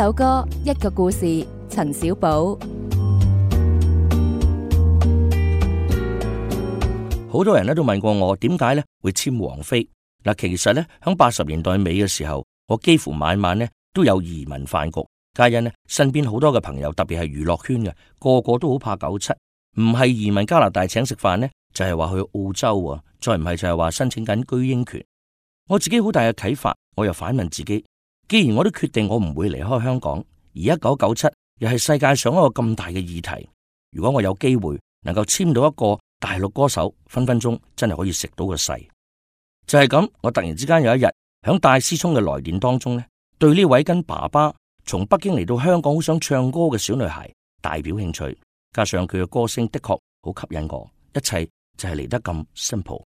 一首歌一個故事，陳少寶。好多人咧都問過我，點解咧會簽王菲嗱？其實咧響八十年代尾嘅時候，我幾乎晚晚咧都有移民飯局，皆因咧身邊好多嘅朋友，特別係娛樂圈嘅，個個都好怕九七，唔係移民加拿大請食飯呢就係、是、話去澳洲啊，再唔係就係話申請緊居英權。我自己好大嘅啟發，我又反問自己。既然我都決定我唔會離開香港，而一九九七又係世界上一個咁大嘅議題。如果我有機會能夠簽到一個大陸歌手，分分鐘真係可以食到個勢就係、是、咁，我突然之間有一日響戴思聰嘅來電當中呢，對呢位跟爸爸從北京嚟到香港好想唱歌嘅小女孩大表興趣，加上佢嘅歌聲的確好吸引我，一切就係嚟得咁 simple。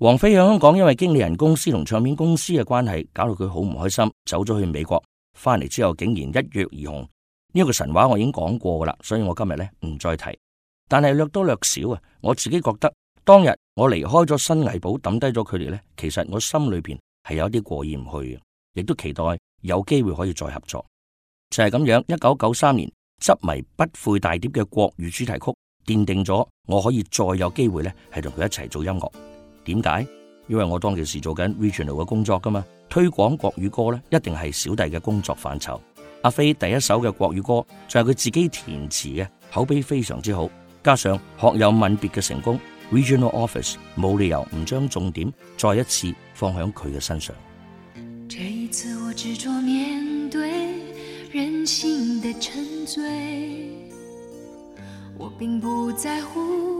王菲喺香港，因為經理人公司同唱片公司嘅關係，搞到佢好唔開心，走咗去美國。翻嚟之後，竟然一躍而紅。呢個神話我已經講過啦，所以我今日呢唔再提。但係略多略少啊，我自己覺得當日我離開咗新藝寶，抌低咗佢哋呢，其實我心裏邊係有啲過意唔去嘅，亦都期待有機會可以再合作。就係咁樣，一九九三年執迷不悔大碟嘅國語主題曲，奠定咗我可以再有機會呢係同佢一齊做音樂。點解？因為我當其時做緊 regional 嘅工作噶嘛，推廣國語歌呢，一定係小弟嘅工作範疇。阿飛第一首嘅國語歌就係佢自己填詞嘅，口碑非常之好，加上學友吻別嘅成功，regional office 冇理由唔將重點再一次放響佢嘅身上。這一次我執著面對人性的沉醉，我並不在乎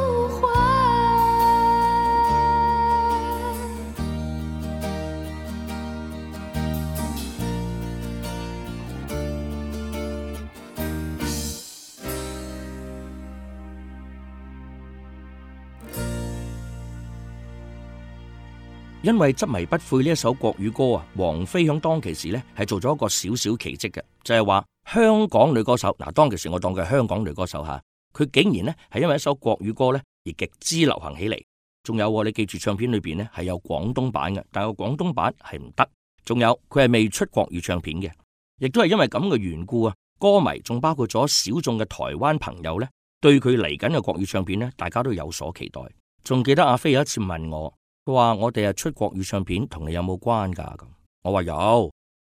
因為《執迷不悔》呢一首國語歌啊，王菲響當其時呢係做咗一個小小奇蹟嘅，就係話香港女歌手嗱，當其時我當佢香港女歌手吓，佢竟然呢係因為一首國語歌呢而極之流行起嚟。仲有你記住唱片裏邊呢係有廣東版嘅，但係個廣東版係唔得。仲有佢係未出國語唱片嘅，亦都係因為咁嘅緣故啊，歌迷仲包括咗小眾嘅台灣朋友呢，對佢嚟緊嘅國語唱片呢，大家都有所期待。仲記得阿飛有一次問我。佢話我哋係出國語唱片，同你有冇關噶？咁我話有，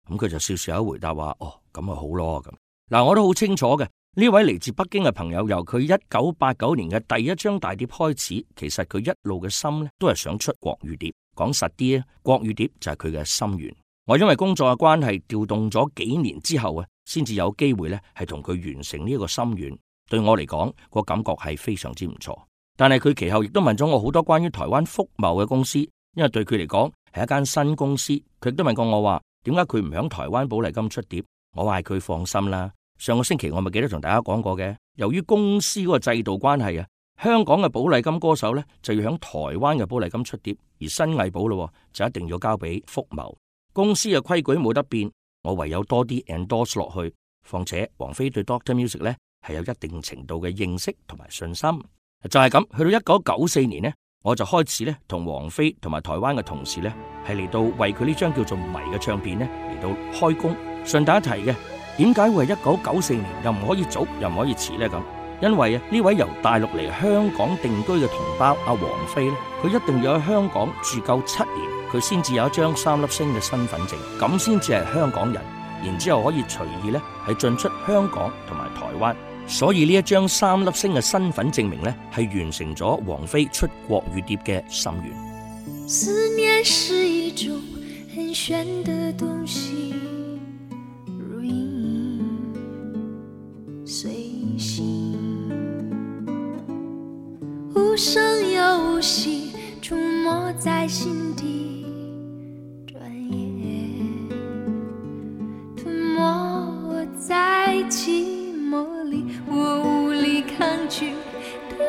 咁佢就笑笑口回答話：哦，咁咪好咯咁。嗱，我都好清楚嘅，呢位嚟自北京嘅朋友，由佢一九八九年嘅第一張大碟開始，其實佢一路嘅心呢都係想出國語碟。講實啲咧，國語碟就係佢嘅心願。我因為工作嘅關係調動咗幾年之後啊，先至有機會呢係同佢完成呢個心願。對我嚟講，個感覺係非常之唔錯。但係佢其後亦都問咗我好多關於台灣福茂嘅公司，因為對佢嚟講係一間新公司，佢亦都問過我話，點解佢唔響台灣寶麗金出碟？我話佢放心啦。上個星期我咪記得同大家講過嘅，由於公司嗰個制度關係啊，香港嘅寶麗金歌手呢就要響台灣嘅寶麗金出碟，而新藝寶咯就一定要交俾福茂。公司嘅規矩冇得變，我唯有多啲 endorse 落去。況且王菲對 Doctor Music 呢係有一定程度嘅認識同埋信心。就係咁，去到一九九四年呢，我就開始咧同王菲同埋台灣嘅同事呢，係嚟到為佢呢張叫做《迷》嘅唱片呢，嚟到開工。順帶一提嘅，點解會係一九九四年又唔可以早又唔可以遲呢？咁因為啊，呢位由大陸嚟香港定居嘅同胞阿王菲呢，佢一定要喺香港住夠七年，佢先至有一張三粒星嘅身份證，咁先至係香港人，然之後可以隨意呢，係進出香港同埋台灣。所以呢一張三粒星嘅身份證明咧，係完成咗王菲出國雨蝶嘅心願。無聲